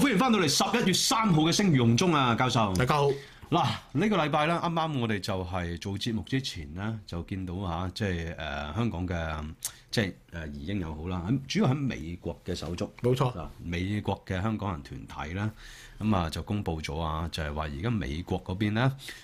歡迎翻到嚟十一月三號嘅《聲如洪鍾》啊，教授。大家好。嗱，這個、呢個禮拜啦，啱啱我哋就係做節目之前咧，就見到嚇、啊，即係誒香港嘅，即係誒移英又好啦，喺主要喺美國嘅手足。冇錯。嗱，美國嘅香港人團體啦。咁啊就公布咗啊，就係話而家美國嗰邊咧，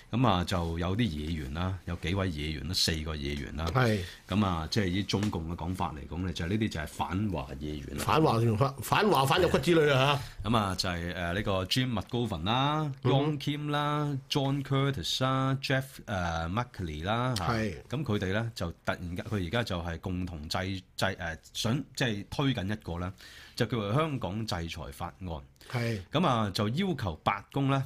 咁、嗯、啊就有啲議員啦，有幾位議員啦，四個議員啦，係咁啊，即係以中共嘅講法嚟講咧，就係呢啲就係反華議員啦，反華反反入骨之類啊。嚇。咁、嗯、啊、嗯、就係誒呢個 Jim McGovern 啦、John Kim 啦、John Curtis 啦、uh, 是的 嗯、Jeff 誒 Merkley 啦，係咁佢哋咧就突然間佢而家就係共同制制誒、呃、想即係、就係、推緊一個啦。就叫做香港制裁法案，咁是的 啊就要求白宮咧。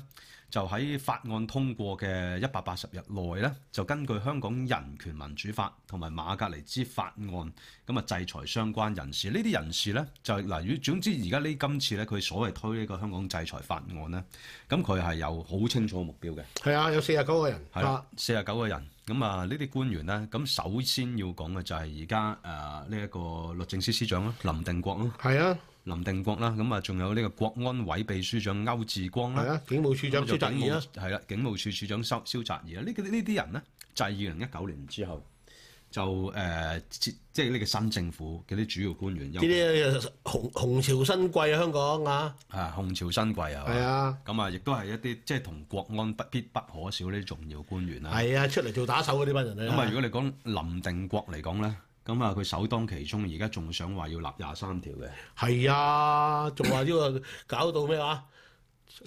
就喺法案通過嘅一百八十日內咧，就根據香港人權民主法同埋馬格尼茲法案咁啊制裁相關人士。呢啲人士咧就嗱，總之而家呢今次咧佢所謂推呢個香港制裁法案咧，咁佢係有好清楚目標嘅。係啊，有四十九個人。係啊，四十九個人。咁啊，呢啲官員咧，咁首先要講嘅就係而家誒呢一個律政司司長啊，林定國啊。係啊。林定國啦，咁啊，仲有呢個國安委秘書長歐志光啦、啊，警務處長蕭澤頤啦，係啦、啊啊，警務處處長蕭蕭澤頤啦，呢個呢啲人呢，就係二零一九年之後，就誒、呃，即係呢個新政府嘅啲主要官員，呢啲為紅紅潮新貴啊，香港啊，啊，紅潮新貴啊，係啊，咁啊，亦都係一啲即係同國安不必不可少呢啲重要官員啦，係啊，出嚟做打手嗰啲班人咧，咁啊，啊如果你講林定國嚟講咧。咁啊，佢首當其衝，而家仲想話要立廿三條嘅，係啊，仲話呢個搞到咩話？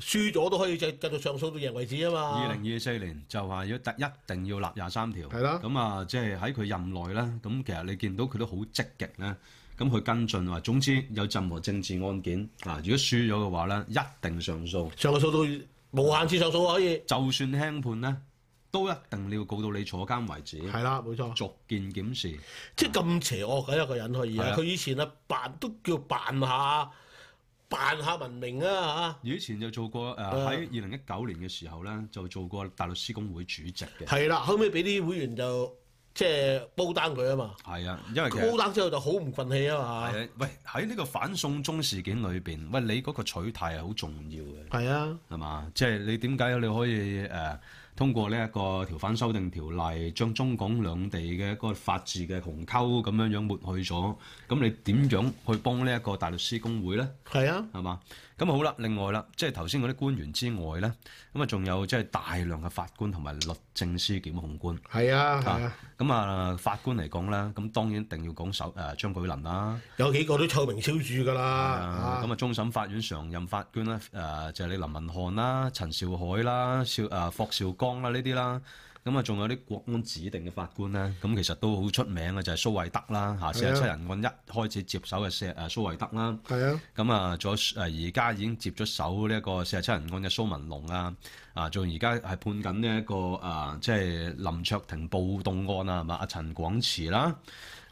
輸咗都可以再繼續上訴到贏為止啊嘛！二零二四年就話要一定要立廿三條，係啦。咁啊，即係喺佢任內啦。咁其實你見到佢都好積極咧，咁佢跟進話，總之有任何政治案件啊，如果輸咗嘅話咧，一定上訴，上訴到無限次上訴可以， 就算輕判咧。都一定要告到你坐監為止。係啦，冇錯。逐件檢視，即係咁邪惡嘅一個人去。而佢以前啊，扮都叫扮下，扮下文明啊。以前就做過誒，喺二零一九年嘅時候咧，就做過大律師工會主席嘅。係啦，後尾俾啲會員就即係煲單佢啊嘛。係啊，因為佢煲單之後就好唔憤氣啊嘛。係，喂，喺呢個反送中事件裏邊，喂，你嗰個取態係好重要嘅。係啊，係嘛，即係你點解你可以誒？通過呢一個條犯修訂條例，將中港兩地嘅一個法治嘅鴻溝咁樣樣抹去咗。咁你點樣去幫呢一個大律師公會咧？係啊，係嘛？咁好啦，另外啦，即係頭先嗰啲官員之外咧，咁啊仲有即係大量嘅法官同埋律政司檢控官。係啊，係啊。咁啊、嗯、法官嚟講咧，咁當然一定要講首誒張舉能啦。有幾個都臭名昭著噶啦。咁啊終、啊嗯、審法院常任法官咧，誒、呃呃、就係、是、你林文漢啦、呃、陳兆海啦、少誒霍兆剛。啦呢啲啦，咁啊仲有啲國安指定嘅法官咧，咁其實都好出名嘅就係蘇慧德啦，嚇四十七人案一開始接手嘅石啊蘇慧德啦，係啊，咁啊仲有誒而家已經接咗手呢一個四十七人案嘅蘇文龍啊，啊仲而家係判緊呢一個啊即係林卓廷暴動案啊，係嘛阿陳廣慈啦。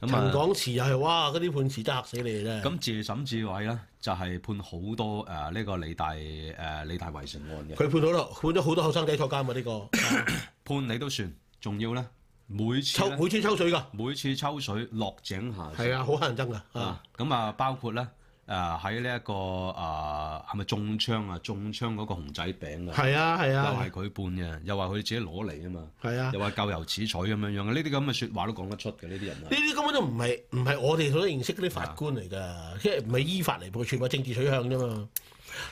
陳廣池又係哇，嗰啲判詞真係嚇死你咧！咁謝沈志偉咧，就係、是、判好多誒呢、呃這個理大誒理大圍城案嘅。佢判咗啦，判咗好多後生仔坐監嘛呢、這個 判你都算，仲要咧，每次抽每次抽水噶，每次抽水，次抽水落井下石。係啊，好乞人憎噶嚇。咁啊、嗯嗯嗯嗯，包括咧。誒喺呢一個誒係咪中槍啊？中槍嗰個熊仔餅啊！係啊係啊！又係佢判嘅，又話佢自己攞嚟啊嘛！係啊！又話咎由自取咁樣樣，呢啲咁嘅説話都講得出嘅呢啲人。呢啲根本都唔係唔係我哋所認識嗰啲法官嚟㗎，即係唔係依法嚟判，全部政治取向啫嘛。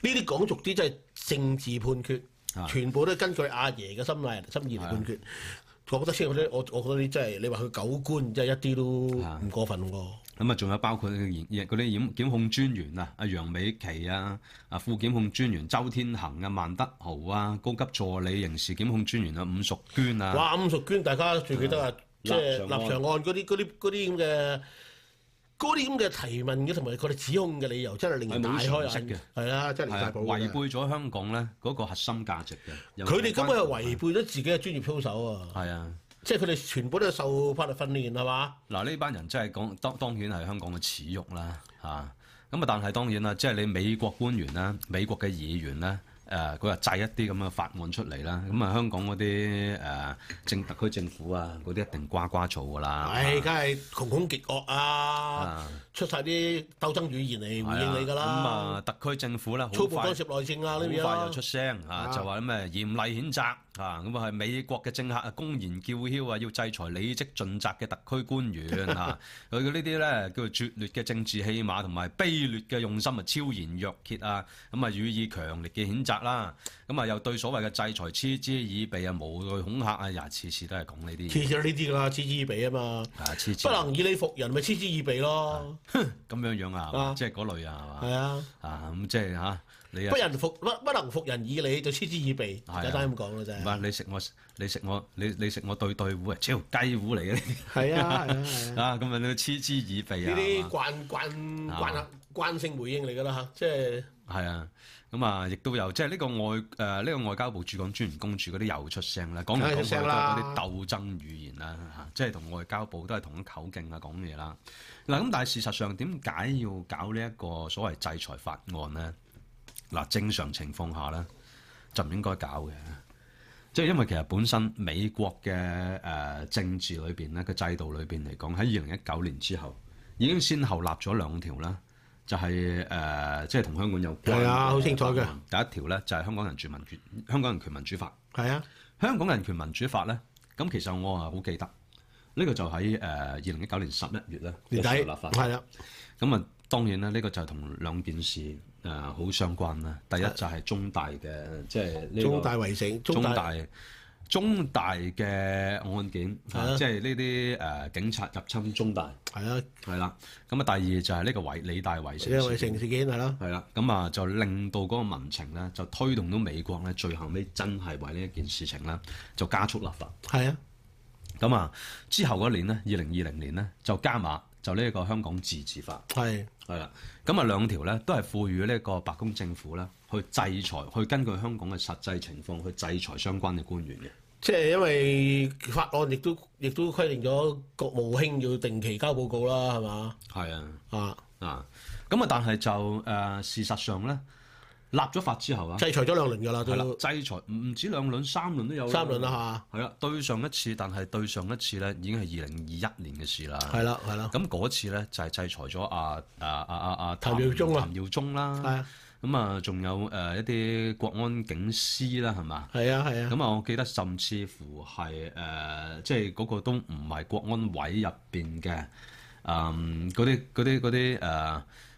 呢啲講俗啲真係政治判決，啊、全部都根據阿爺嘅心理、心意嚟判決。我覺得即係啲，我我覺得啲即係你話佢狗官，真係一啲都唔過分喎。咁啊，仲有包括嗰啲檢控專員啊，阿楊美琪啊，啊副檢控專員周天行啊，萬德豪啊，高級助理刑事檢控專員啊，伍淑娟啊。哇！伍淑娟，大家最記得啊，即係的立場案嗰啲嗰啲嗰啲咁嘅。網嗰啲咁嘅提問嘅，同埋佢哋指控嘅理由，真係令人大開眼。係啊、哎，真係的覺違背咗香港咧嗰個核心價值嘅。佢哋根本係違背咗自己嘅專業操守啊！係啊的，即係佢哋全部都係受法律訓練係嘛？嗱，呢班人真係講，當當然係香港嘅恥辱啦嚇。咁啊，但係當然啦，即係你美國官員啦，美國嘅議員啦。誒佢話制一啲咁嘅法案出嚟啦，咁、嗯、啊香港嗰啲誒政特區政府啊，嗰啲一定呱呱嘈噶啦，係梗係窮兇極惡啊，啊出晒啲鬥爭語言嚟回應你噶啦，咁啊、嗯嗯嗯、特區政府咧好快好、啊啊、快又出聲啊，就話咩嚴厲譴責。啊，咁啊係美國嘅政客公然叫囂啊，要制裁履職盡責嘅特區官員啊，佢嘅 呢啲咧叫做拙劣嘅政治戲碼，同埋卑劣嘅用心啊，昭然若揭啊，咁、嗯、啊予以強烈嘅譴責啦，咁啊又對所謂嘅制裁嗤之以鼻啊，無懼恐嚇啊，日、哎、次次都係講呢啲。其實呢啲噶啦，嗤之以鼻啊嘛，不能、啊、以理服人，咪嗤之以鼻咯。咁樣樣啊，即係嗰類啊，係嘛？係啊。啊，咁即係吓。啊啊啊啊啊啊你不人服不不能服人以理，就嗤之以鼻。是啊、就簡單咁講啦，真係。唔係你食我，你食我，你你食我對對糊啊！超雞糊嚟嘅呢啲。係 啊！啊咁啊，呢嗤之以鼻。啊！呢啲慣慣慣，慣慣性回應嚟㗎啦嚇，即係。係啊，咁、就是、啊，亦都有，即係呢個外誒呢、呃這個外交部駐港專員公署嗰啲又出聲啦，講嘅都係嗰啲鬥爭語言啦嚇，即係同外交部都係同一口徑啦講嘢啦。嗱咁，但係事實上點解要搞呢一個所謂制裁法案呢？嗱，正常情況下咧就唔應該搞嘅，即係因為其實本身美國嘅誒、呃、政治裏邊咧，個制度裏邊嚟講，喺二零一九年之後已經先後立咗兩條啦，就係、是、誒、呃、即係同香港有關係嘅。係啊，好清楚嘅。第一條咧就係香港人權民權，香港人權民主法。係啊，香港人權民主法咧，咁其實我啊好記得，呢、這個就喺誒二零一九年十一月咧年底立法，係啊，咁啊，當然啦，呢、這個就係同兩件事。啊，好、呃、相關啦！第一就係中大嘅，即係呢、呢個、中大圍城、中大中大嘅案件，是啊、即係呢啲誒警察入侵中大，係啦，係啦。咁啊，第二就係呢、呢個圍理大圍城事件，城事件係啦，係啦。咁啊，就令到嗰個民情咧，就推動到美國咧，最後尾真係為呢一件事情咧，就加速立法。係是啊，咁啊，之後嗰年呢，二零二零年呢，就加碼。就呢一個香港自治法，係係啦，咁啊是兩條咧都係賦予呢個白宮政府啦，去制裁，去根據香港嘅實際情況去制裁相關嘅官員嘅。即係因為法案亦都亦都規定咗國務卿要定期交報告啦，係嘛？係啊的，啊啊的，咁啊，但係就誒、呃、事實上咧。立咗法之後啊，制裁咗兩輪㗎啦，係啦，制裁唔唔止兩輪，三輪都有三輪啦嚇。係啦，對上一次，但係對上一次咧已經係二零二一年嘅事啦。係啦，係啦。咁嗰次咧就係制裁咗啊，啊啊啊，阿譚耀宗啊，譚耀宗啦。係啊。咁啊，仲有誒一啲國安警司啦，係嘛？係啊，係啊。咁啊，我記得甚至乎係誒，即係嗰個都唔係國安委入邊嘅，嗯、呃，嗰啲嗰啲嗰啲誒，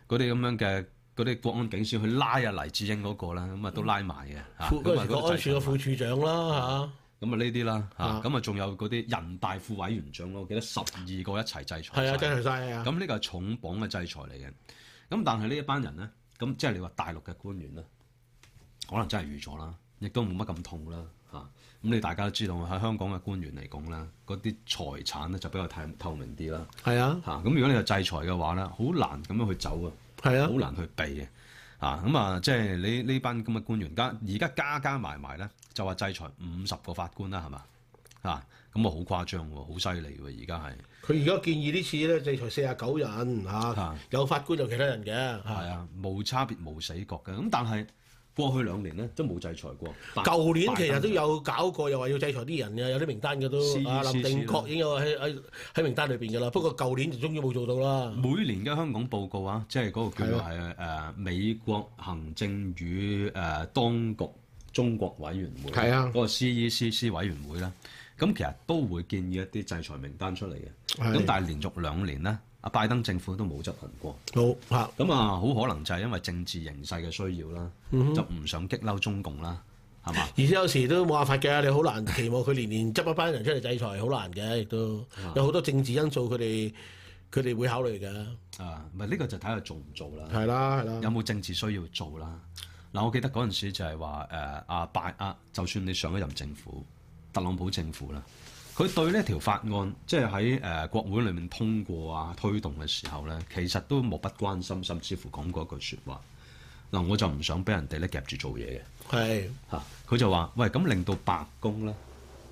嗰啲咁樣嘅。嗰啲國安警司去拉啊黎智英嗰個啦，咁啊都拉埋嘅，咁啊，國安處嘅副處長啦嚇，咁啊呢啲啦嚇，咁啊仲有嗰啲人大副委員長咯，我記得十二個一齊制裁，係啊制裁曬啊，咁呢個係重磅嘅制裁嚟嘅，咁但係呢一班人咧，咁即係你話大陸嘅官員咧，可能真係預咗啦，亦都冇乜咁痛啦嚇，咁你大家都知道喺香港嘅官員嚟講啦，嗰啲財產咧就比較透透明啲啦，係啊嚇，咁如果你話制裁嘅話咧，好難咁樣去走啊。soit 係啊，好難去避嘅，啊咁、嗯、啊，即係你呢班咁嘅官員，而家加加埋埋咧，就話制裁五十個法官啦，係嘛？嚇、啊，咁啊好誇張喎，好犀利喎，而家係。佢而家建議次呢次咧制裁四十九人，嚇、啊，啊、有法官有其他人嘅，係啊，冇、啊、差別冇死角嘅，咁、啊、但係。過去兩年咧都冇制裁過。舊年其實都有搞過，又話要制裁啲人嘅，有啲名單嘅都啊 EC 林定國已經有喺喺喺名單裏邊嘅啦。不過舊年就終於冇做到啦。每年嘅香港報告啊，即係嗰個叫做係誒美國行政與誒當局中國委員會，係啊，嗰個 CECC 委員會啦。咁其實都會建議一啲制裁名單出嚟嘅。咁的但係連續兩年咧。阿拜登政府都冇執行過，好嚇咁、嗯、啊，好可能就係因為政治形勢嘅需要啦，嗯、哼就唔想激嬲中共啦，係嘛？而且有時都冇辦法嘅，你好難期望佢年年執一班人出嚟制裁，好 難嘅，亦都有好多政治因素，佢哋佢哋會考慮嘅。啊，唔係呢個就睇下做唔做啦，係啦係啦，有冇政治需要做啦？嗱、啊，我記得嗰陣時就係話誒阿拜，阿、啊啊、就算你上一任政府，特朗普政府啦。佢對呢一條法案，即係喺誒國會裏面通過啊推動嘅時候咧，其實都漠不關心，甚至乎講過一句説話：嗱，我就唔想俾人哋咧夾住做嘢嘅。係嚇是，佢、啊、就話：喂，咁令到白宮咧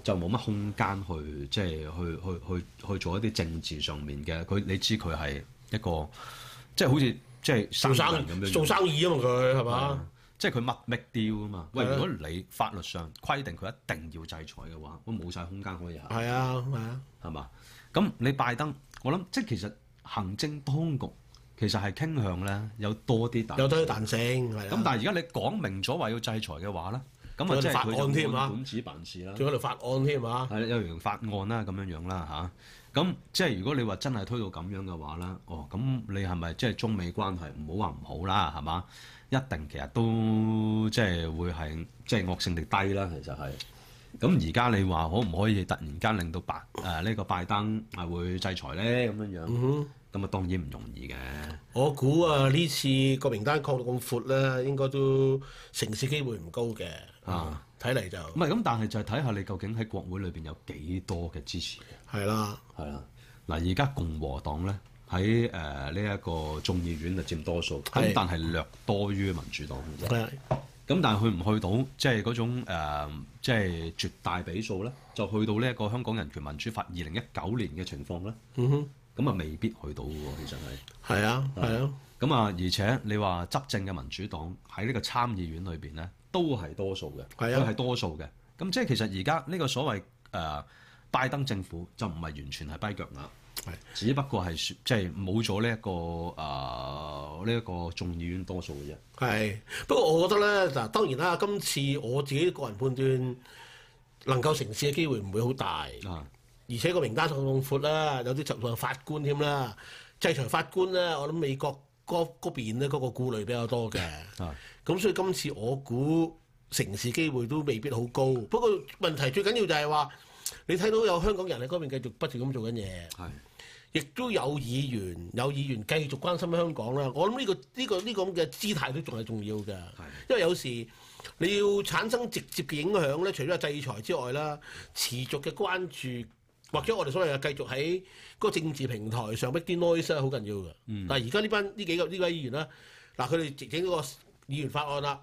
就冇乜空間去，即係去去去去，去做一啲政治上面嘅。佢你知佢係一個，即係好似即係做生意咁樣做生意啊嘛，佢係嘛？即係佢物覓雕啊嘛！喂，如果你法律上規定佢一定要制裁嘅話，我冇晒空間可以行。係啊，係啊，係嘛？咁你拜登，我諗即係其實行政當局其實係傾向咧有多啲彈。有多啲彈性，係啊。咁、啊、但係而家你講明咗話要制裁嘅話咧？咁啊，仲有啲法案添啊，管子辦事啦，仲喺度法案添啊，係有樣法案啦，咁樣樣啦嚇。咁即係如果你話真係推到咁樣嘅話啦，哦，咁你係咪即係中美關係唔好話唔好啦，係嘛？一定其實都即係會係即係惡性力低啦，其實係。咁而家你話可唔可以突然間令到白誒呢個拜登係會制裁咧？咁樣樣，咁啊當然唔容易嘅。我估啊，呢次個名單擴到咁闊咧，應該都成事機會唔高嘅。啊！睇嚟就唔係咁，但係就係睇下你究竟喺國會裏邊有幾多嘅支持嘅。係啦，係啦。嗱，而家共和黨咧喺誒呢一個眾議院就佔多數，咁但係略多於民主黨。咁但係去唔去到，即係嗰種誒，即係絕大比數咧，就去到呢一個香港人權民主法二零一九年嘅情況咧。哼，咁啊未必去到喎，其實係。係啊，係啊。咁啊，而且你話執政嘅民主黨喺呢個參議院裏邊咧？都係多數嘅，佢係的多數嘅。咁即係其實而家呢個所謂誒、呃、拜登政府就唔係完全係跛腳鴨，的只不過係即係冇咗呢一個誒呢一個眾議院多數嘅啫。係不過我覺得咧嗱，當然啦，今次我自己個人判斷能夠成事嘅機會唔會好大。啊的，而且個名單上仲闊啦，有啲就係法官添啦，制裁法官咧，我諗美國嗰邊咧，嗰個顧慮比較多嘅。啊的。咁所以今次我估城市機會都未必好高。不過問題最緊要就係話，你睇到有香港人喺嗰邊繼續不斷咁做緊嘢，亦是的 都有議員有議員繼續關心香港啦。我諗呢、呢個呢、呢個呢咁嘅姿態都仲係重要嘅，是的 因為有時你要產生直接嘅影響咧，除咗制裁之外啦，持續嘅關注或者我哋所謂嘅繼續喺嗰個政治平台上逼啲 noise 係好緊要嘅。嗯、但係而家呢班呢幾個呢位議員啦，嗱，佢哋直整嗰個。議員法案啦，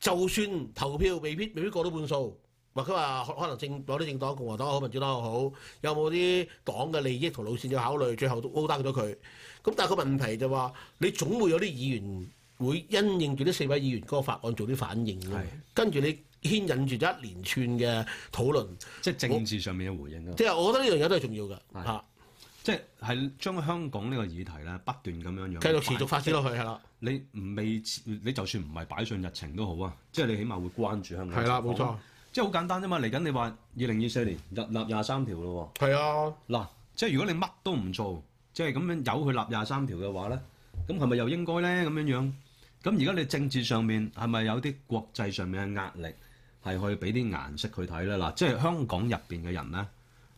就算投票未必未必過到半數，或者話可能政嗰啲政黨，共和黨好，民主黨又好，好，有冇啲黨嘅利益同路線要考慮，最後都高達咗佢。咁但係個問題就話，你總會有啲議員會因應住呢四位議員嗰個法案做啲反應㗎，是跟住你牽引住一連串嘅討論，即係政治上面嘅回應咯。即係我，、即係、我覺得呢樣嘢都係重要㗎，嚇。即係將香港呢個議題咧不斷咁樣樣，繼續持續發展落去係啦。你唔未你就算唔係擺上日程都好啊，即係你起碼會關注香港情況。係啦，冇錯。即係好簡單啫嘛，嚟緊你話二零二四年立立廿三條咯喎。係啊，嗱，即係如果你乜都唔做，即係咁樣有佢立廿三條嘅話咧，咁係咪又應該咧咁樣樣？咁而家你政治上面係咪有啲國際上面嘅壓力，係去俾啲顏色佢睇咧？嗱，即係香港入邊嘅人咧，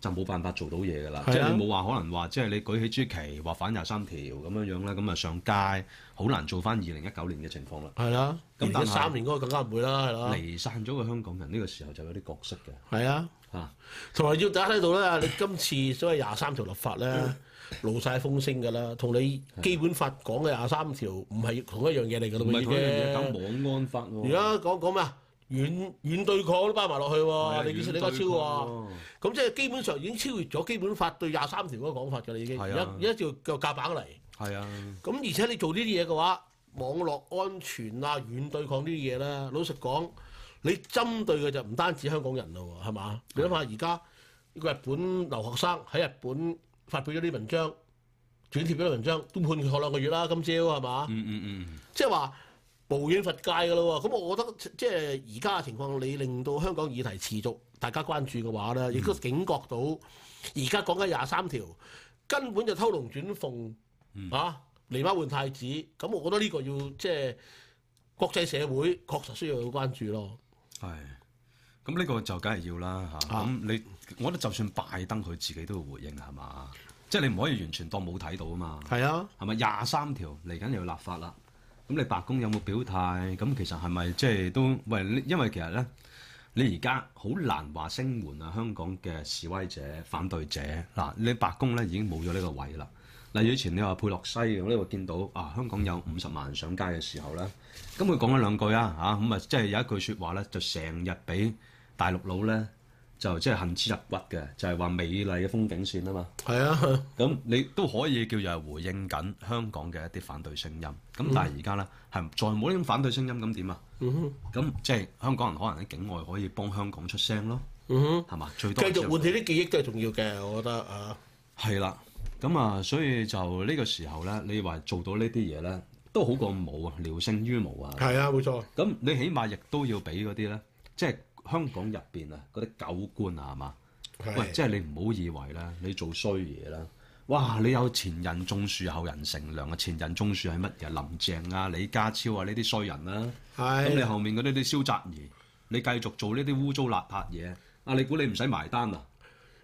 就冇辦法做到嘢㗎啦，即係你冇話可能話，即係你舉起豬旗話反廿三條咁樣樣咧，咁啊上街好難做翻二零一九年嘅情況啦。係啦、啊，但是而家三年嗰個更加唔會啦，係嘛、啊？離散咗嘅香港人呢、呢個時候就有啲角色嘅。係啊，嚇、啊，同埋要大家睇到咧，你今次所謂廿三條立法咧，嗯、露晒風聲㗎啦，同你基本法講嘅廿三條唔係同一樣嘢嚟㗎咯，已同一嘢，講《網安法》而家講講咩啊？軟對抗都包埋落去喎，李女士你講超喎，咁、啊、即係基本上已經超越咗基本法對廿三條嗰個講法㗎啦，你已經一一照個夾板嚟。係啊，咁、啊、而，而且你做呢啲嘢嘅話，網絡安全啊、軟對抗呢啲嘢啦，老實講，你針對嘅就唔單止香港人咯，係嘛？是的 你諗下而家呢個日本留學生喺日本發表咗啲文章，轉貼咗啲文章都判佢坐兩個月啦，今朝係嘛？嗯嗯嗯，mm hmm. 即係話。無遠弗屆噶咯喎，咁我覺得即係而家嘅情況，你令到香港議題持續大家關注嘅話咧，亦都警覺到而家講緊廿三條根本就偷龍轉鳳嚇，狸貓、嗯啊、換太子。咁我覺得呢個要即係國際社會確實需要去關注咯。係，咁呢個就梗係要啦嚇。咁、啊啊、你我覺得就算拜登佢自己都要回應係嘛，即係、就是、你唔可以完全當冇睇到啊嘛。係啊，係咪廿三條嚟緊又要立法啦？咁你白宮有冇表態？咁其實係咪即係都喂？因為其實咧，你而家好難話聲援啊香港嘅示威者、反對者。嗱、啊，你白宮咧已經冇咗呢個位啦。例、啊、如以前你話佩洛西，我咧見到啊香港有五十萬人上街嘅時候咧，咁、啊、佢講咗兩句啊嚇，咁啊即係有一句説話咧，就成日俾大陸佬咧。就即係恨之入骨嘅，就係、是、話美麗嘅風景線啊嘛。係啊，咁你都可以叫做係回應緊香港嘅一啲反對聲音。咁但係而家咧，係再冇呢種反對聲音，咁點啊？嗯咁即係香港人可能喺境外可以幫香港出聲咯。哼、嗯。係嘛？最多繼續喚起啲記憶都係重要嘅，我覺得啊。係啦，咁啊，所以就呢個時候咧，你話做到呢啲嘢咧，都好過冇啊，聊勝於無啊。係啊，冇錯。咁你起碼亦都要俾嗰啲咧，即係。香港入邊啊，嗰啲狗官啊，係嘛？喂，是的 即係你唔好以為啦，你做衰嘢啦。哇，你有前人種樹，後人乘涼啊！前人種樹係乜嘢？林鄭啊、李家超啊呢啲衰人啦、啊。咁是的 你後面嗰啲啲蕭澤頤，你繼續做呢啲污糟邋遢嘢，啊！你估你唔使埋單啊？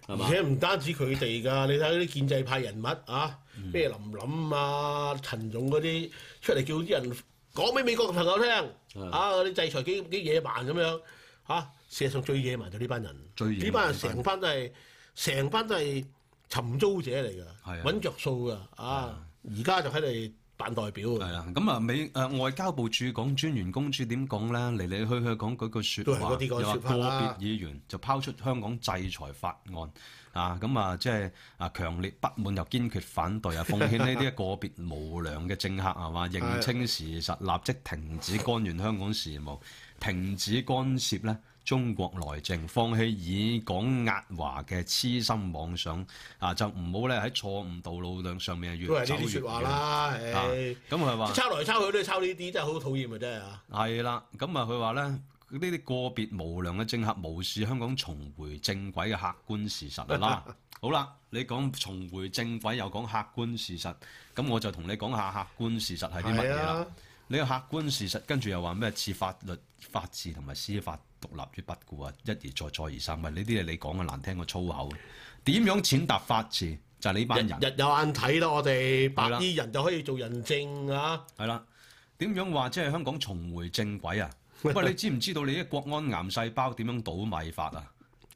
係嘛？而且唔單止佢哋㗎，你睇嗰啲建制派人物啊，咩林，林琳啊、陳勇嗰啲出嚟叫啲人講俾美國朋友聽是的 啊，嗰啲制裁幾幾野蠻咁樣。嚇，事實上最野蠻就呢班人，呢班人成班都係成班都係尋租者嚟噶，揾着數噶，啊，而家就喺度扮代表。係啊，咁啊美誒外交部駐港專員公署點講咧？嚟嚟去去講嗰句説話，又話個別議員就拋出香港制裁法案啊，咁啊即係啊強烈不滿又堅決反對啊，奉勸呢啲個別無良嘅政客係嘛，認清事實，立即停止干預香港事務。停止干涉咧，中國內政，放棄以港壓華嘅痴心妄想啊！就唔好咧喺錯誤道路上上面越走越遠。呢啲說話啦，誒咁佢話抄來抄去都係抄呢啲，真係好討厭啊！真係啊，係啦、嗯，咁啊佢話咧呢啲個別無良嘅政客無視香港重回正軌嘅客觀事實啦。 好啦，你講重回正軌又講客觀事實，咁我就同你講下客觀事實係啲乜嘢啦。嗯嗯嗯你個客觀事實，跟住又話咩？似法律、法治同埋司法獨立於不顧啊！一而再，再而三，唔係呢啲係你講嘅難聽嘅粗口。點樣踐踏法治？就係、係、呢班人日日有眼睇啦！我哋白衣人就可以做人證啊！係啦，點樣話即係香港重回正軌啊？喂， 你知唔知道你啲國安癌細胞點樣倒米法啊？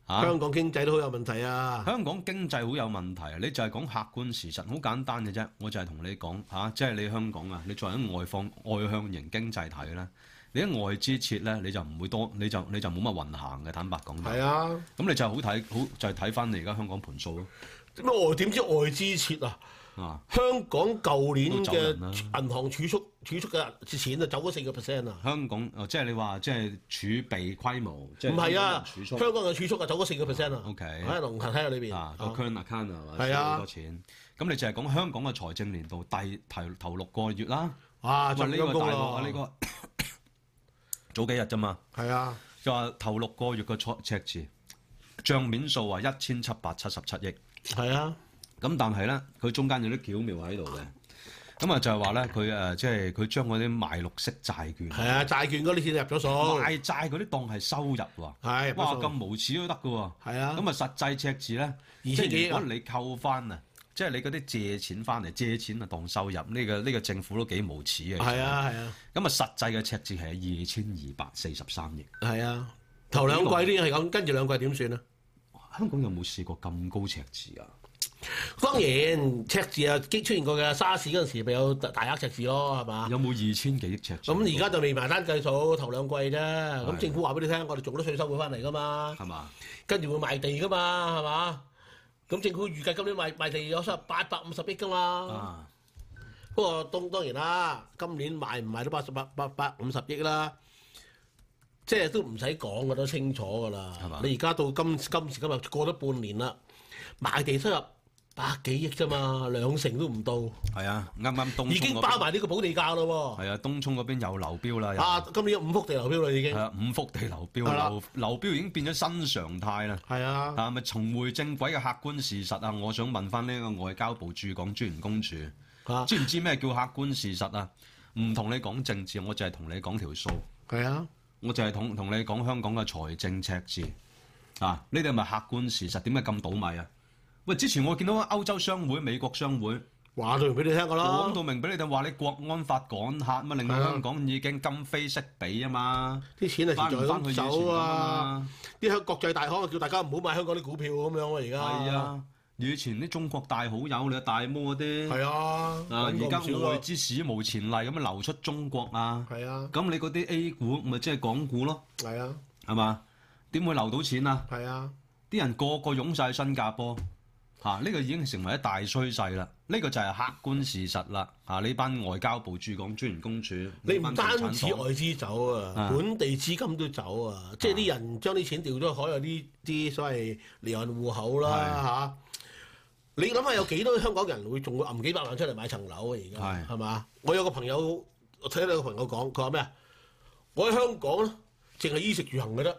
啊、香港經濟都好有問題啊！香港經濟好有問題，你就係講客觀事實，好簡單嘅啫。我就係同你講吓、啊，即係你香港啊，你作為一個外放外向型經濟體咧，你一外資設咧，你就唔會多，你就你就冇乜運行嘅。坦白講，係啊，咁你就好睇好，就係睇翻你而家香港盤數咯。點外點知外資設啊？啊！香港舊年嘅銀行儲蓄儲蓄嘅錢啊，走咗四個 percent 啊！香港啊，即係你話即係儲備規模，即係唔係啊？香港嘅儲蓄啊，走咗四個 percent 啊！OK，喺農行喺裏邊啊 current account 係嘛？係啊，咁你淨係講香港嘅財政年度第頭頭六個月啦。哇，仲要高啊！呢個早幾日啫嘛。係啊，就話頭六個月嘅赤赤字帳面數啊，一千七百七十七億。係啊。咁但係咧，佢中間有啲巧妙喺度嘅。咁啊就係話咧，佢誒即係佢將嗰啲賣綠色債券，係啊債券嗰啲錢入咗數，賣債嗰啲當係收入喎。係，哇咁無恥都得嘅喎。係啊。咁啊實際赤字咧，二千幾，如果你扣翻啊，即係你嗰啲借錢翻嚟借錢啊當收入，呢個呢個政府都幾無恥嘅。係啊係啊。咁啊實際嘅赤字係二千二百四十三億。係啊，頭兩季呢，係咁，跟住兩季點算啊？香港有冇試過咁高赤字啊？當然，赤字啊，激出現過嘅沙士 r s 嗰陣時，咪有大額赤字咯，係嘛？有冇二千幾億赤字？咁而家就未埋單計數，頭兩季啫。咁的、嗯、政府話俾你聽，我哋做咗稅收會翻嚟㗎嘛？係嘛嗎？跟住會賣地㗎嘛？係嘛？咁政府預計今年賣賣地有收入八百五十億㗎嘛？不過當當然啦，今年賣唔賣到八百八百五十億啦，即係都唔使講，我都清楚㗎啦。係嘛嗎？你而家到今今時今日過咗半年啦，賣地收入。百幾億啫嘛，兩成都唔到。係 啊，啱啱東涌 已經包埋呢個保地價咯喎。係啊，東涌嗰邊有流標啦。啊，今年五幅地流標啦，已經。係啊，五幅地流標，的流流標已經變咗新常態啦。係的啊。係咪重回正軌嘅客觀事實啊！我想問翻呢個外交部駐港專員公署，的知唔知咩叫客觀事實啊？唔同你講政治，我就係同你講條數。係啊的。我就係同同你講香港嘅財政赤字啊！呢啲係咪客觀事實？點解咁倒米啊？喂，之前我見到歐洲商會、美國商會話到嚟俾你聽噶啦，講到明俾你哋話你國安法趕客咁啊，令到香港已經今非昔比啊嘛。啲錢啊，全在咁走啊。啲香國際大行叫大家唔好買香港啲股票咁樣啊。而家係啊，以前啲中國大好友你大摩嗰啲係啊，啊而家外資史無前例咁啊流出中國啊。係啊，咁你嗰啲 A 股咪即係港股咯？係啊，係嘛？點會留到錢啊？係啊，啲人個個湧晒新加坡。嚇！呢、啊這個已經成為一大趨勢啦，呢、這個就係客觀事實啦。嚇、啊！呢班外交部駐港專員公署，你唔不單止外資走啊，啊本地資金都走啊，即係啲人將啲錢調咗去有呢啲所謂離岸戶口啦嚇是、啊。你諗下有幾多香港人會仲會揞幾百萬出嚟買層樓啊？而家係嘛？我有個朋友，我睇到有個朋友講，佢話咩啊？我喺香港咧，淨係衣食住行嘅啫，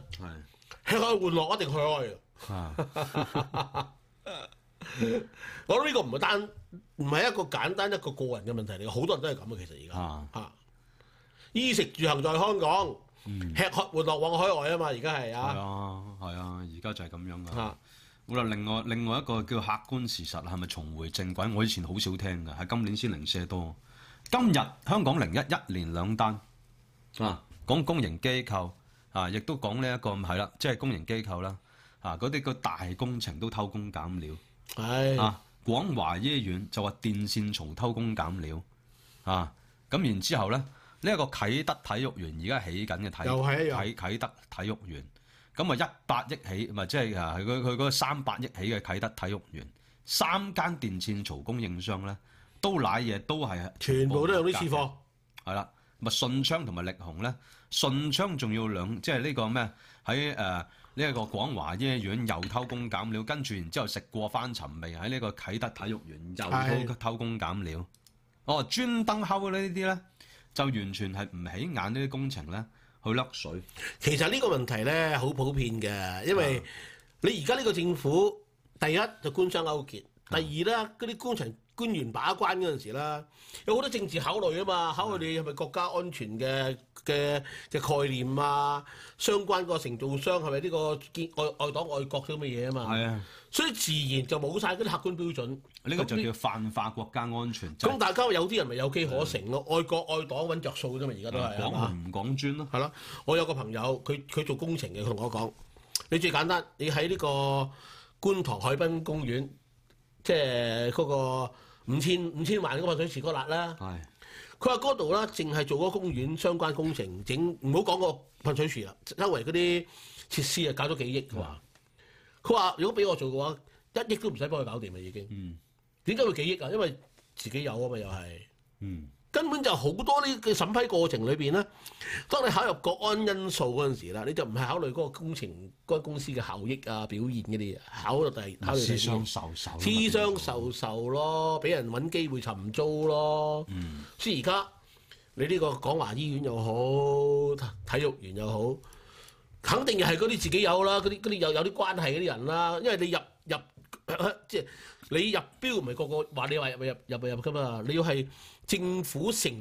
吃開是玩樂一定開開嘅。 我諗呢個唔係單，唔係一個簡單一個個人嘅問題嚟，好多人都係咁啊！其實而家啊，衣食住行在香港，吃喝玩樂往海外啊嘛！而家係啊，係啊，而家、啊、就係咁樣噶。啊、好啦另外，另外一個叫客觀事實係咪重回正軌？我以前好少聽噶，喺今年先零舍多。今日香港零一一年兩單啊，講公營機構啊，亦都講呢一個唔係啦，即係公營機構啦啊，嗰啲個大工程都偷工減料。係、哎、啊，廣華醫院就話電線槽偷工減料啊，咁然後之後咧，呢、這、一個啟德體育園而家起緊嘅體啟啟德體育園，咁啊一百億起，咪即係啊，佢佢嗰個三百億起嘅啟德體育園，三間電線槽供應商咧都瀨嘢，都係全，全部都有啲次貨，係啦，咪順昌同埋力宏咧，順昌仲要兩，即係呢個咩喺誒。呢一個廣華醫院又偷工減料，跟住然之後食過翻尋味，喺呢個啟德體育園又偷是的 偷工減料，哦專登敲咧呢啲咧，就完全係唔起眼呢啲工程咧去甩水。其實呢個問題咧好普遍嘅，因為你而家呢個政府第一就官商勾結，第二咧嗰啲工程。官員把關嗰陣時啦，有好多政治考慮啊嘛，是的 考慮你係咪國家安全嘅嘅嘅概念啊？相關個承造商係咪呢個建愛愛黨愛國咁嘅嘢啊嘛？係啊，所以自然就冇晒啲客觀標準。呢個就叫泛化國家安全。咁你、就是、大家有啲人咪有機可乘咯是的？愛國愛黨揾着數啫嘛，而家都係啊嘛。講唔講專咯？係咯，我有個朋友，佢佢做工程嘅，佢同我講：你最簡單，你喺呢個觀塘海濱公園。嗯嗯。即係嗰個五千五千萬個噴水池嗰辣啦，佢話嗰度啦，淨係做嗰個公園相關工程，整唔好講個噴水池啦，周圍嗰啲設施啊，搞咗幾億。佢話：佢話是如果俾我做嘅話，一億都唔使幫佢搞掂啊，已經。點解、嗯、會幾億啊？因為自己有啊嘛，又係。嗯根本就好多呢個審批過程裏邊咧，當你考入國安因素嗰陣時啦，你就唔係考慮嗰個工程該、嗰個、公司嘅效益啊表現嘅啲，考到第，考到第，私相授受，私相授受咯，俾人揾機會尋租咯。嗯，所以而家你呢個廣華醫院又好，體育園又好，肯定又係嗰啲自己有啦，嗰啲嗰啲有有啲關係嗰啲人啦。因為你入入即係 你入標話你話入，唔係個個話你話入入入咪入㗎嘛，你要係。政府承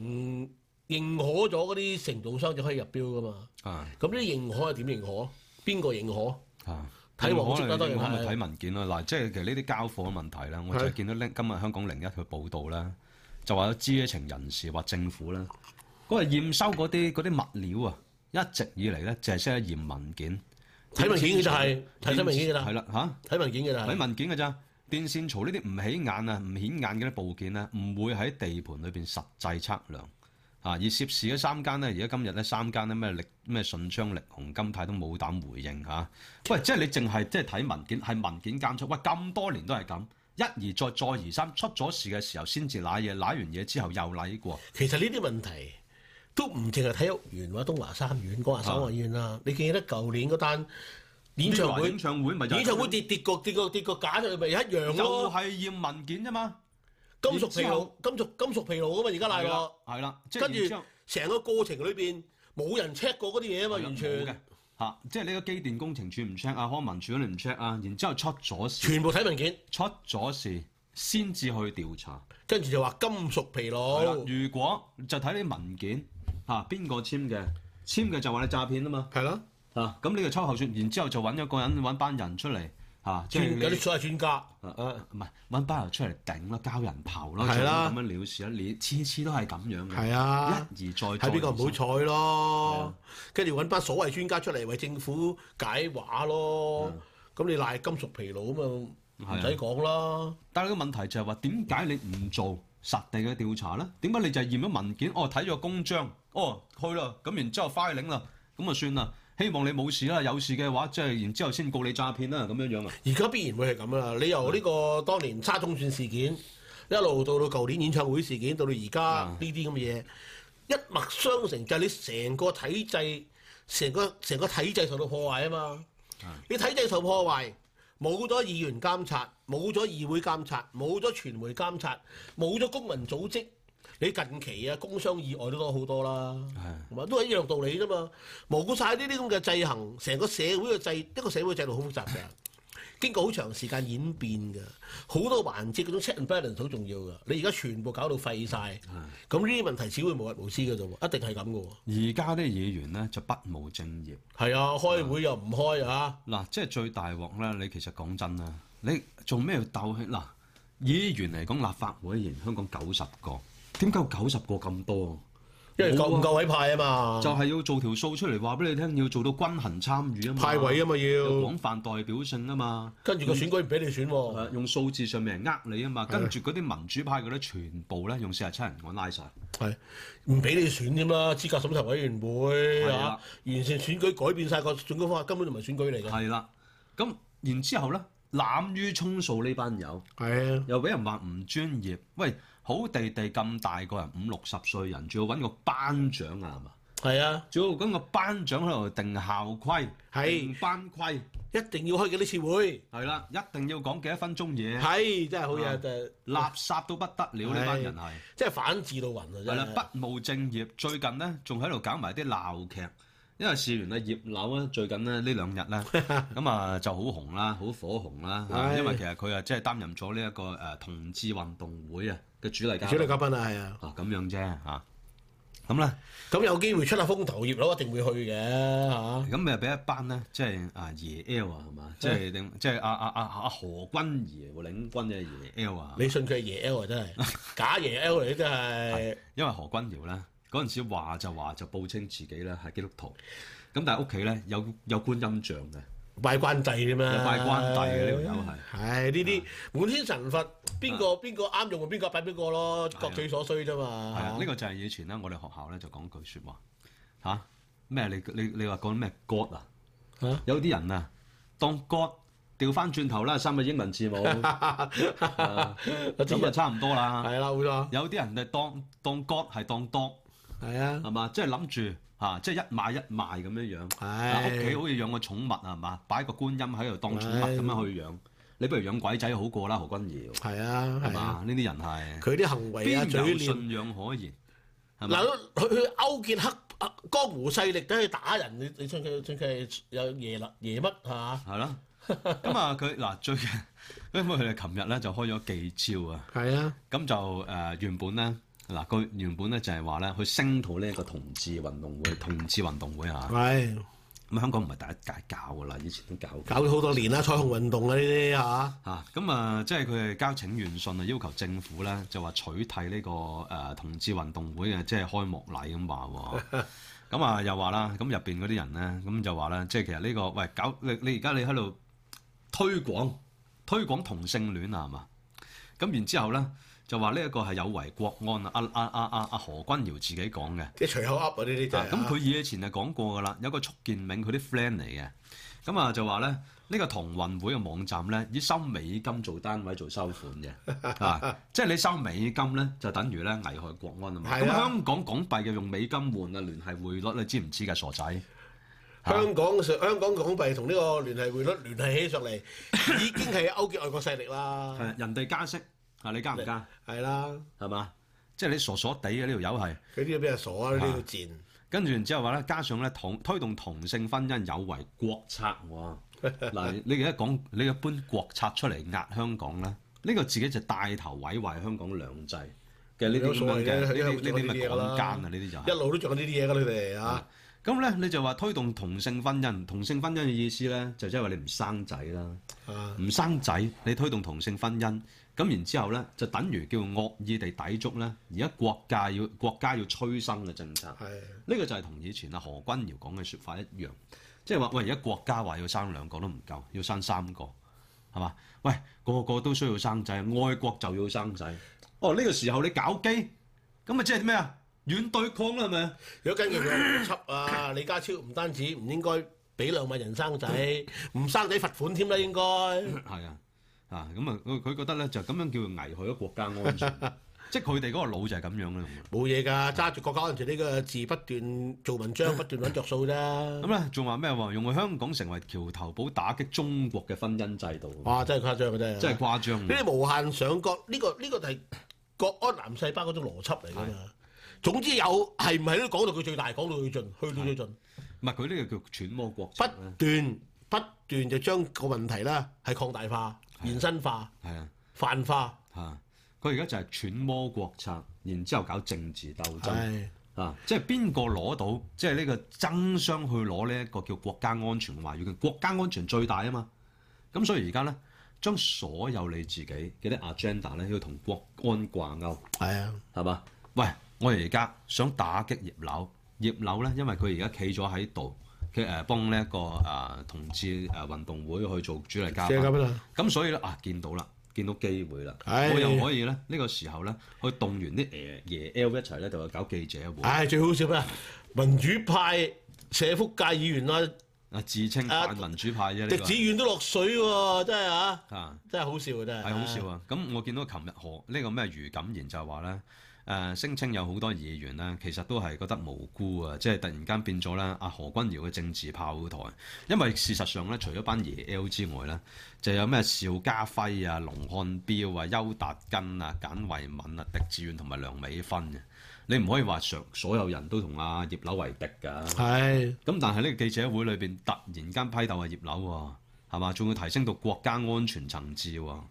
認可咗嗰啲承造商就可以入標㗎嘛？啊！咁呢認可係點認可？邊個認可？啊！睇文件啦睇文件啦嗱，即係是其實呢啲交貨嘅問題咧，我就係見到今日香港零一嘅報道咧，就話有知情人士話政府咧，嗰個驗收嗰啲啲物料啊，一直以嚟咧就係識得驗文件。睇文件嘅就係、係、睇文件㗎啦、就係。係啦嚇，睇文件㗎啦。睇、啊、文件㗎咋、就係？電線槽呢啲唔起眼啊，唔顯眼嘅啲部件咧，唔會喺地盤裏邊實際測量啊。而涉事嘅三間咧，而家今日咧三間咧，咩力咩順昌力、力紅金泰都冇膽回應吓、啊，喂，即係你淨係即係睇文件，係文件監測。喂，咁多年都係咁，一而再，再而三出咗事嘅時候先至舐嘢，舐完嘢之後又舐過。其實呢啲問題都唔淨係體育園話東華三院、廣華醫院啦。的你記得舊年嗰單？演唱會演唱會咪演唱會跌跌個跌個跌個假就咪一樣咯，就係驗文件啫嘛。金屬疲勞，金屬金屬疲勞啊嘛，而家咪咯，係啦。跟住成個過程裏邊冇人 check 過嗰啲嘢啊嘛，完全冇嘅嚇，即係呢個機電工程署唔 check 啊，康文署都唔 check 啊，然之後出咗事，全部睇文件，出咗事先至去調查，跟住就話金屬疲勞。如果就睇你文件嚇，邊個簽嘅簽嘅就話你詐騙啊嘛，係啦。啊！咁呢個秋後算，然之後就揾一個人揾班人出嚟嚇，即係有啲所謂專家啊，唔係揾班人出嚟頂啦，交人頭咯，係啦，咁樣了事啦你，次次都係咁樣嘅。係啊，一而再，再，睇邊個唔好彩咯？跟住揾班所謂專家出嚟為政府解畫咯。咁、嗯、你賴金屬疲勞咁啊，唔使講啦。但係個問題就係話點解你唔做實地嘅調查咧？點解你就係驗咗文件哦？睇咗公章哦，去啦咁，然之後返去領啦，咁啊算啦。希望你冇事啦，有事嘅話，即係然之後先告你詐騙啦，咁樣樣啊！而家必然會係咁啦，你由呢個當年差中選事件，一路到到舊年演唱會事件，到到而家呢啲咁嘅嘢，一脈相承，就係你成個體制，成個成個體制受到破壞啊嘛！啊你體制受破壞，冇咗議員監察，冇咗議會監察，冇咗傳媒監察，冇咗公民組織。你近期啊，工傷意外都多好多啦，同埋的都係一樣道理啫嘛。無辜晒呢啲咁嘅制衡，成個社會嘅制，一個社會制度好複雜嘅，的經過好長時間演變嘅，好多環節嗰種 check and balance 好重要㗎。你而家全部搞到廢晒，咁呢啲問題只會無日無之嘅啫喎，一定係咁嘅喎。而家啲議員咧就不務正業，係啊，開會又唔開啊。嗱、嗯，即係最大鑊咧。你其實講真啦，你做咩鬥氣嗱？議員嚟講，立法會議員香港九十個。點解有九十個咁多？因為夠唔夠位派啊嘛？就係要做條數出嚟話俾你聽，要做到均衡參與啊嘛。派位啊嘛要。廣泛代表性啊嘛。跟住個選舉唔俾你選喎、啊。用數字上面呃你啊嘛。啊跟住嗰啲民主派嗰啲全部咧用四十七人我拉晒，係、啊。唔俾你選添、啊、嘛。資格審查委員會嚇、啊啊，完善選舉改變晒個選舉方法，根本就唔係選舉嚟㗎。係啦。咁然之後咧，濫竽充數呢班友。係啊。啊又俾人話唔專業，喂。好地地咁大個人五六十歲人，仲要揾個班長啊嘛！係啊，仲要揾個班長喺度定校規、定班規，一定要開幾多次會，係啦，一定要講幾多分鐘嘢，係真係好嘢，就垃圾都不得了呢班人係，即係反智到暈啊！真係不務正業，最近咧仲喺度搞埋啲鬧劇，因為事關啊葉劉啊，最近咧呢兩日咧咁啊就好紅啦，好火紅啦，因為其實佢啊即係擔任咗呢一個誒同志運動會啊。嘅主力嘉主力嘉賓、哦、啊，係啊，咁樣啫嚇，咁啦，咁有機會出下風頭，葉劉一定會去嘅嚇。咁咪俾一班咧，即係啊，啊啊爺，爺 L, 爺 L 啊，係嘛，即係即係阿阿阿阿何君堯和領軍嘅爺 L 啊。你信佢係爺 L 啊？真係假爺 L 嚟、就是？真係， 因為何君堯咧嗰陣時話就話就報稱自己咧係基督徒，咁但係屋企咧有有，有觀音像嘅。拜關帝嘅咩？拜關帝嘅呢個又係。係呢啲滿天神佛，邊個邊個啱用就邊個拜邊個咯，各取所需啫嘛。係啊，呢個就係以前咧，我哋學校咧就講句説話嚇咩？你你你話講咩 God 啊？有啲人啊，當 God 調翻轉頭啦，三個英文字母。咁就差唔多啦。係啦，冇錯。有啲人誒當當 God 係當 dog 係啊。係嘛？即係諗住。啊！即係一買一賣咁樣樣，屋企好似養個寵物啊，係嘛？擺個觀音喺度當寵物咁樣去養，你不如養鬼仔好過啦，何君堯。係啊，係嘛？呢啲人係佢啲行為啊，有信仰可言。嗱，佢佢勾結黑江湖勢力，都去打人。你你佢佢有邪啦邪乜係嘛？係啦。咁啊，佢嗱最近，因為佢哋琴日咧就開咗記招啊。係啊。咁就誒原本咧。嗱，佢原本咧就係話咧，佢聲討咧個同志運動會，同志運動會嚇，係咁，哎啊、香港唔係第一屆搞噶啦，以前都搞，搞咗好多年啦，啊、彩虹運動啦呢啲吓。嚇，咁啊，啊即係佢係交請願信啊，要求政府咧就話取締呢、這個誒、呃、同志運動會啊，即係開幕禮咁話，咁啊， 啊又話啦，咁入邊嗰啲人咧，咁就話咧，即係其實呢、這個喂搞你你而家你喺度推廣推廣同性戀啊係嘛，咁然之後咧。就話呢一個係有違國安啊！阿阿阿阿何君堯自己講嘅，即係隨口噏嗰啲啲咁，佢以前係講過噶啦，有個鍾建銘佢啲 friend 嚟嘅，咁啊就話咧呢、呢個同運會嘅網站咧以收美金做單位做收款嘅，啊即係你收美金咧就等於咧危害國安啊嘛。咁、啊、香港港幣嘅用美金換啊，聯繫匯率你知唔知嘅傻仔？香港香港港幣同呢個聯繫匯率聯繫起上嚟， 已經係勾結外國勢力啦。係人哋加息。啊！你加唔加？係啦，係嘛？吧即係你傻傻地嘅呢條友係。佢、這、啲、個、人傻啊？呢條賤。跟住然之後話咧，加上咧同推動同性婚姻有違國策。哇！嗱， 你而家講你一般國策出嚟壓香港咧，呢、這個自己就帶頭毀壞香港兩制嘅呢啲咁樣嘅。呢啲咪港奸啊？呢啲就是、一路都做緊呢啲嘢㗎，你哋啊！咁咧你就話推動同性婚姻，同性婚姻嘅意思咧就即係話你唔生仔啦，唔 生仔你推動同性婚姻。咁然之後咧，就等於叫惡意地抵觸呢。咧，而家國界要國家要催生嘅政策。係、啊，呢個就係同以前阿何君堯講嘅説法一樣，即係話喂，而家國家話要生兩個都唔夠，要生三個，係嘛？喂，個，個個都需要生仔，愛國就要生仔。哦，呢、這個時候你搞基，咁咪即係咩啊？軟對抗啦，係咪？如果根據佢嘅規則啊， 李家超唔單止唔應該俾兩萬人生仔，唔 生仔罰款添啦，應該。係 啊。啊，咁啊，佢佢覺得咧就咁樣叫做危害咗國家安全，即係佢哋嗰個腦就係咁樣啦。冇嘢㗎，揸住國家安全呢個字不斷做文章，不斷揾著數啫。咁咧仲話咩話？用個香港成為橋頭堡，打擊中國嘅婚姻制度。哇！真係誇張嘅真係。真係誇張。俾你無限上綱，呢個呢個係國安藍細胞嗰種邏輯嚟㗎嘛。總之有係唔係都講到佢最大，講到佢盡，去到最盡。唔係佢呢個叫揣摩國情。不斷不斷就將個問題咧係擴大化。延伸化，係啊的，泛化，嚇，佢而家就係揣摩國策，然之後搞政治鬥爭，嚇的，的即係邊個攞到，即係呢個爭相去攞呢一個叫國家安全話語權，國家安全最大啊嘛，咁所以而家咧，將所有你自己嘅啲 agenda 咧，要同國安掛鈎，係啊，係嘛，喂，我而家想打擊葉劉，葉劉咧，因為佢而家企咗喺度。嘅誒幫呢、這、一個啊、呃、同志誒、呃、運動會去做主禮嘉賓，咁、啊、所以咧啊見到啦，見到機會啦，哎、呀我又可以咧呢、這個時候咧去動員啲誒爺 L 一齊咧就係搞記者會。唉、哎，最好笑咩？民主派社福界議員啦、啊，啊自稱民主派啫、啊，直、啊、子遠都落水喎，真係啊，啊真係好笑啊，真係、啊。係、啊、好笑，好笑啊！咁我見到琴日何呢、這個咩余錦賢就話咧。誒、呃、聲稱有好多議員咧，其實都係覺得無辜啊！即係突然間變咗咧，阿何君堯嘅政治炮台，因為事實上咧，除咗班爺 L 之外咧，就有咩邵家輝啊、龍漢標啊、邱達根啊、簡慧敏啊、狄志遠同埋梁美芬啊。你唔可以話上所有人都同阿、啊、葉劉為敵㗎。係咁的，但係呢個記者會裏邊突然間批鬥阿葉劉喎、哦，係嘛？仲要提升到國家安全層次喎、哦，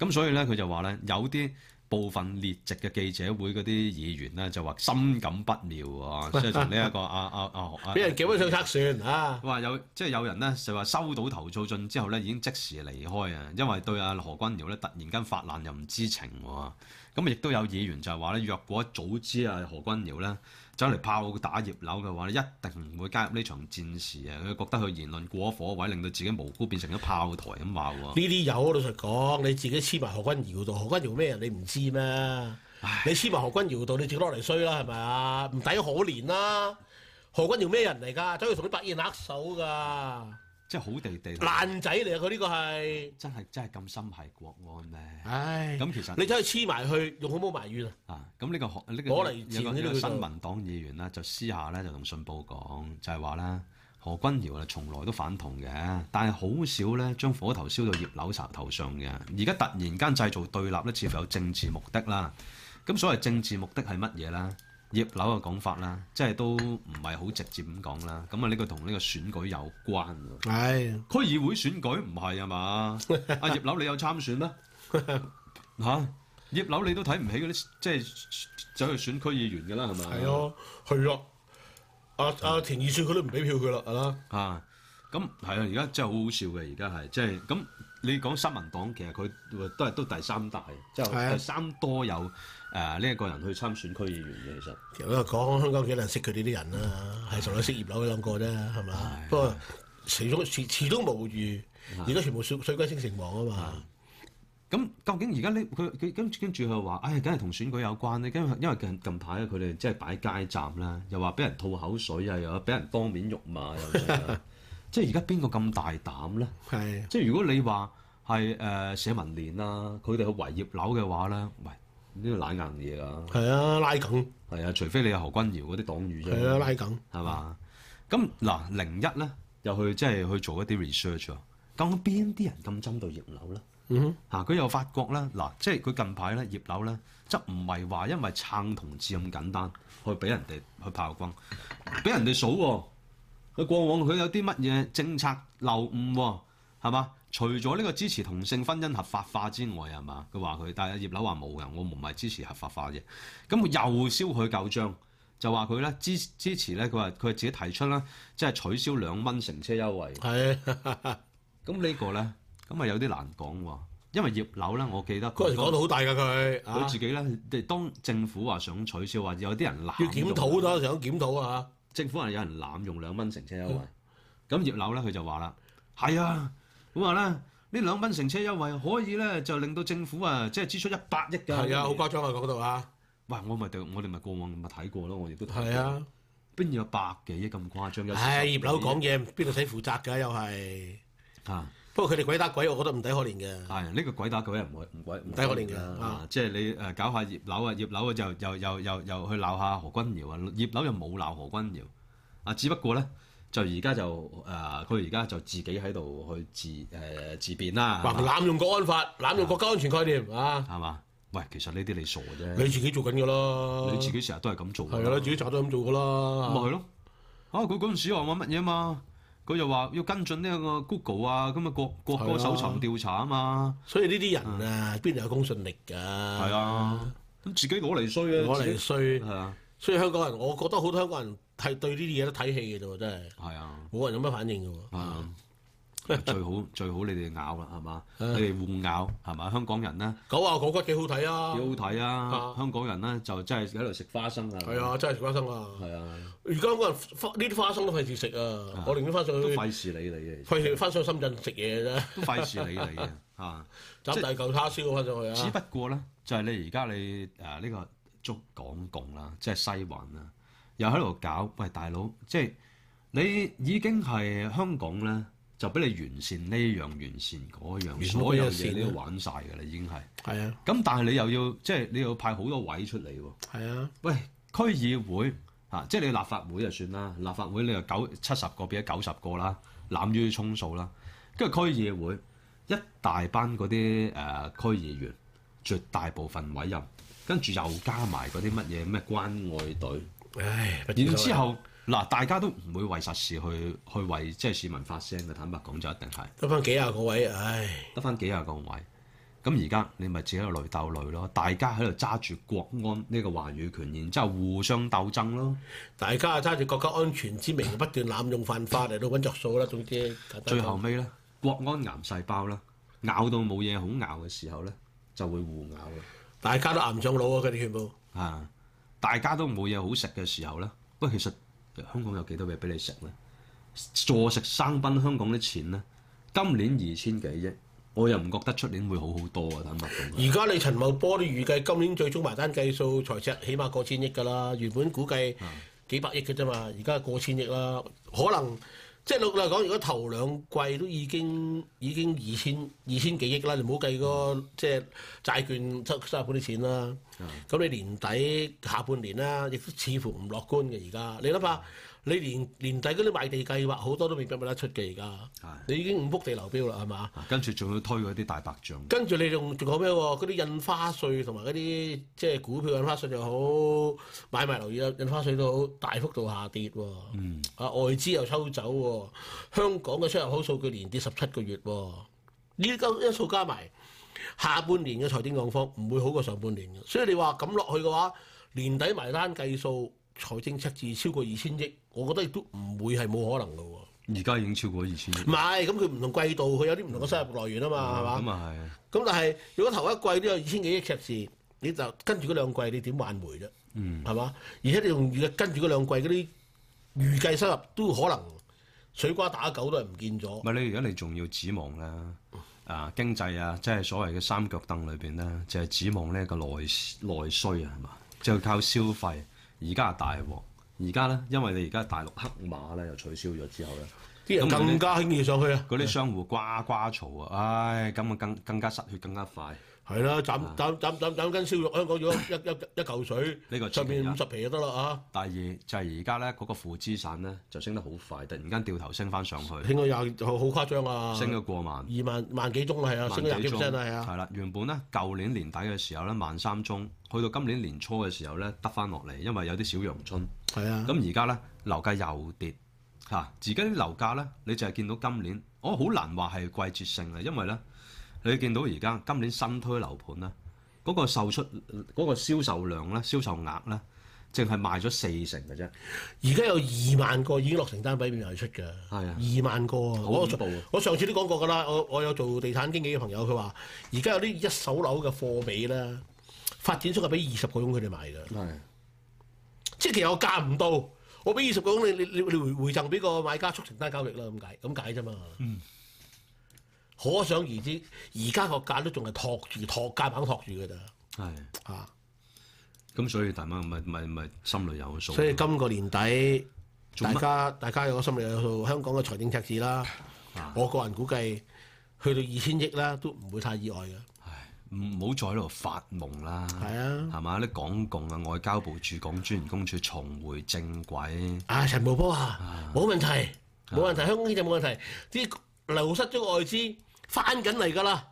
咁所以咧佢就話咧，有啲，部分列席嘅記者會嗰啲議員咧就話深感不妙啊。即係從呢一個阿阿阿阿俾人叫咗上賊船嚇，話有即係有人咧就話收到投訴信之後咧已經即時離開啊，因為對阿何君堯咧突然間發難又唔知情喎、啊，咁亦都有議員就係話咧，若果早知啊何君堯咧。 走嚟炮打葉劉嘅話，你一定唔會加入呢場戰事啊！佢覺得佢言論過火位，令到自己無辜變成咗炮台咁鬧。呢啲有老實講，你自己黐埋何君堯度，何君堯咩人你唔知咩唉？你黐埋何君堯度，你自己攞嚟衰啦，係咪啊？唔抵可憐啦、啊！何君堯咩人嚟㗎？走去同啲白衣人握手㗎。即係好地地爛仔嚟啊！佢呢惰個係真係真係咁心係國安咧。咁唉其實你真係黐埋去用好唔好埋怨啊！這個、啊咁呢、這個學呢個有個新民黨議員啦，就私下咧就同信報講就係話咧，何君彌堯咧從來都反同嘅，但係好少咧將火頭燒到葉劉鰲頭上嘅。而家突然間製造對立咧，似乎有政治目的啦。咁所謂政治目的係乜嘢咧？葉劉嘅講法啦，即係都唔係好直接咁講啦。咁啊，呢個同呢個選舉有關。係區、哎、議會選舉唔係啊嘛？阿葉劉你有參選咩？吓葉劉你都睇唔起嗰啲，即係走去選區議員噶啦，係咪？係哦，係咯。阿阿田義說佢都唔俾票佢啦，係啦。啊，咁係、就是、啊！而家、啊啊啊啊、真係好好笑嘅，而家係即係咁。你講新民黨，其實佢都係都第三大，即係、啊、三多有誒呢一個人去參選區議員嘅，其實其實講香港幾多人識佢啲啲人啦、啊，係純粹識葉劉嗰啲諗過啫，係咪？哎、呀不過始終始始終無預，而家全部水水鬼升城隍啊嘛。咁、哎、究竟而家呢？佢佢、哎、跟跟住佢話，唉，梗係同選舉有關咧。因為因為近近排佢哋即係擺街站啦，又話俾人吐口水啊，又俾人當面辱罵又。 即係而家邊個咁大膽咧？是啊、即係如果你話係誒社民連啊，佢哋去圍葉劉嘅話咧，喂，呢個懶硬嘢啊，係啊，拉梗。係啊，除非你係何君堯嗰啲黨羽啫。係啊，拉梗係嘛？咁嗱，零一咧又去即係去做一啲 research、嗯、哼啊。咁邊啲人咁針對葉劉咧？哼。嚇佢又發覺啦，嗱，即係佢近排咧葉劉咧，即唔係話因為撐同志咁簡單去俾人哋去炮轟，俾人哋數喎、啊。佢過往佢有啲乜嘢政策漏誤喎，係嘛？除咗呢個支持同性婚姻合法化之外，係嘛？佢話佢，但係葉劉話冇㗎，我唔係支持合法化嘅。咁佢又燒佢舊賬，就話佢咧支支持咧，佢話佢係自己提出啦，即係取消兩蚊乘車優惠。係是的，咁 呢個咧，咁啊有啲難講喎，因為葉劉咧，我記得嗰陣講到好大㗎、啊、佢，佢自己咧，當政府話想取消，話有啲人冷要檢討多，想檢討啊！政府係有人濫用兩蚊乘車優惠，咁、嗯、葉劉咧佢就話啦：係啊，咁話咧呢兩蚊乘車優惠可以咧就令到政府啊即係支出一百億嘅，係啊，好誇張啊嗰度啊！喂，我咪我哋咪過往咪睇過咯，我哋都係啊，邊有百幾億咁誇張？係、啊哎、葉劉講嘢，邊度使負責嘅又係啊？不過佢哋鬼打鬼，我覺得唔抵可憐嘅。係呢個鬼打鬼又唔唔唔抵可憐㗎。啊，即係你誒搞下葉劉啊，葉劉啊，又又又又又去鬧下何君堯啊，葉劉又冇鬧何君堯。啊，只不過咧，就而家就誒，佢而家就自己喺度去自誒、呃、自辯啦。話濫用國安法，濫用國家安全概念啊，係嘛？喂、嗯，wrote, 啊啊、rain, 其實呢啲你傻啫，你自己做緊㗎咯，你自己成日都係咁做，係你、啊、自己炒作咁做㗎啦，咁咪係咯。嚇，佢嗰陣時又玩乜嘢啊嘛？佢又話要跟進呢個 Google 啊，咁啊個國歌搜尋調查啊嘛，啊所以呢啲人啊，邊度有公信力㗎？係啊，咁自己攞嚟衰啊。攞嚟衰，係啊。所以香港人，我覺得好多香港人係對呢啲嘢都睇戲嘅啫喎，真係。係啊，冇人有乜反應嘅喎。最好最好，你哋咬啦，係嘛？你哋互咬係嘛？香港人咧，狗咬狗骨幾好睇啊！幾好睇啊！香港人咧就真係喺度食花生啊！係啊，真係食花生啊！係啊，而家嗰人花呢啲花生都費事食啊！我寧願翻上去都費事你嚟嘅，翻上深圳食嘢啫，都費事你嚟嘅啊！即係大舊叉燒翻上去啊！只不過咧，就係你而家你誒呢個捉港共啦，即係西環啦，又喺度搞，喂，大佬，即係你已經係香港咧。就俾你完善呢樣，完善嗰樣，所有嘢你都玩晒㗎啦，已經係。係啊。咁但係你又要即係、就是、你要派好多位出嚟喎。係啊。喂，區議會嚇、啊，即係你立法會就算啦，立法會你又九七十個變咗九十個啦，濫於充數啦。跟住區議會一大班嗰啲誒區議員，絕大部分委任，跟住又加埋嗰啲乜嘢咩關愛隊，唉，然之後。嗱，大家都唔會為實事去去為即係市民發聲嘅。坦白講，就一定係得翻幾廿個位，唉，得翻幾廿個位。咁而家你咪自己喺度擂鬥擂咯。大家喺度揸住國安呢個話語權，然之後互相鬥爭咯。大家揸住國家安全之名不斷濫用犯法嚟到揾著數啦。總之最後尾咧，國安癌細胞啦，咬到冇嘢好咬嘅時候咧，就會互咬啦。大家都癌上腦啊！佢哋全部啊，大家都冇嘢好食嘅時候咧，不過其實。香港有幾多嘢俾你食咧？坐食山崩，香港啲錢咧，今年二千幾億，我又唔覺得出年會好好多啊！坦白講，而家你陳茂波都預計今年最終埋單計數，財赤起碼過千億㗎啦。原本估計幾百億嘅啫嘛，而家過千億啦，可能。即係六嚟講，如果頭兩季都已經已經二千二千幾億啦，唔好計個即係債券收收入嗰啲錢啦。咁、嗯、你年底下半年啦，亦都似乎唔樂觀嘅。而家你諗下。嗯嗯你年年底嗰啲買地計劃好多都未必唔得出奇而家，的你已經五幅地流標啦，係嘛？跟住仲要推嗰啲大白象。跟住你仲仲講咩喎？嗰啲、哦、印花稅同埋嗰啲即係股票印花稅又好，買埋留意印印花稅都好，大幅度下跌、哦、嗯。啊，外資又抽走喎、哦，香港嘅出入口數據連跌十七個月喎、哦，呢啲加因素加埋，下半年嘅財政狀況唔會好過上半年嘅，所以你話咁落去嘅話，年底埋單計數。財政赤字超過二千億，我覺得亦都唔會係冇可能噶喎。而家已經超過二千億。唔係，咁佢唔同季度，佢有啲唔同嘅收入來源啊嘛，係嘛、嗯？咁啊係。咁、嗯、但係，如果頭一季都有二千幾億赤字，你就跟住嗰兩季你，你點挽回啫？嗯。係嘛？而且你仲要跟住嗰兩季嗰啲預計收入，都可能水瓜打狗都係唔見咗。咪、嗯、你而家你仲要指望啦？啊，經濟啊，即係所謂嘅三腳凳裏邊咧，就係、係、指望呢個內內需啊，係嘛？就係、靠消費。而家係大鑊，而家咧，因為你而家大陸黑馬咧又取消咗之後咧，啲人更加輕易上去啊，嗰啲商戶呱呱嘈啊，唉，咁啊更更加失血更加快。係啦，斬斬斬斬斬斤燒肉，香港如一一一嚿水，出 個是 面五十皮就得啦啊！ 第二就係而家咧，嗰、嗰個負資產咧就升得好快，突然間掉頭升翻上去，升到廿好誇張啊！升咗過萬，二萬萬幾宗係啊，幾升咗廿幾 percent 係啊！係啦，原本咧舊年年底嘅時候咧萬三宗，去到今年年初嘅時候咧得翻落嚟，因為有啲小陽春。係啊的，咁而家咧樓價又跌嚇，而家啲樓價咧你就係見到今年，我好難話係季節性啊，因為咧。你見到而家今年新推樓盤咧，嗰個售出嗰個銷售量咧、銷售額咧，淨係賣咗四成嘅啫。而家有二萬個已經落成單俾邊度出嘅？係啊的，二萬個啊，好多部。我上次都講過㗎啦，我我有做地產經紀嘅朋友，佢話而家有啲一手樓嘅貨比啦，發展商係俾二十個鐘佢哋賣㗎。係的，即係其實我價唔到，我俾二十個鐘你，你你回回贈俾個買家促成單交易啦，咁解咁解啫嘛。嗯。可想而知，而家個價都仲係托住，托夾板托住嘅咋。係啊，咁的的所以大媽咪咪咪心裏有數。所以今個年底，大家大家有個心裏有數。香港嘅財政赤字啦，啊、我個人估計去到二千億啦，都唔會太意外嘅。係唔好再喺度發夢啦。係啊的，係嘛的？啲港共啊，外交部駐港專員公署重回正軌。啊，陳茂波啊，冇問題，冇、啊、問題，香港經濟冇問題。啲流失咗嘅外資。翻緊嚟㗎啦！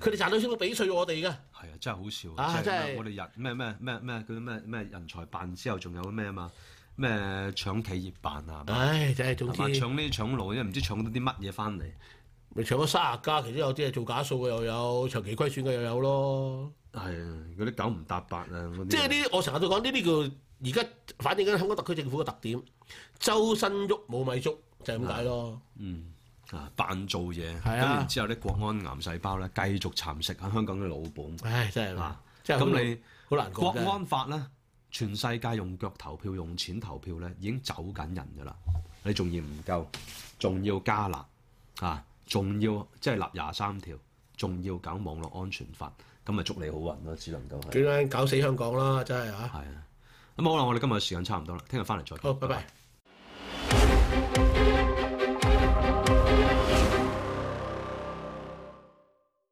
佢哋的賺到錢都俾稅我哋㗎。係啊，真係好笑啊！真係我哋人咩咩咩咩嗰啲咩咩人才辦之後，仲有咩嘛？咩搶企業辦啊？唉，真係總之搶呢搶路，因唔知搶到啲乜嘢翻嚟。咪搶咗卅家，其中有啲係做假數嘅，又有長期虧損嘅，又有咯。係啊，嗰啲九唔搭八啊！即係呢，我成日都講呢啲叫而家反映緊香港特區政府嘅特點，周身喐冇米粥，就係咁解咯。嗯。的啊！扮做嘢，跟住之後咧，國安癌細胞咧繼續蠶食喺香港嘅老本。唉，真係啦。咁你好難講。國安法咧，全世界用腳投票、用錢投票咧，已經走緊人噶啦。你仲要唔夠，仲要加辣啊，仲要即係立廿三條，仲要搞網絡安全法，咁啊，祝你好運咯，只能夠係。點樣搞死香港啦？真係嚇。係啊，咁好啦，我哋今日時間差唔多啦，聽日翻嚟再見。好，拜拜。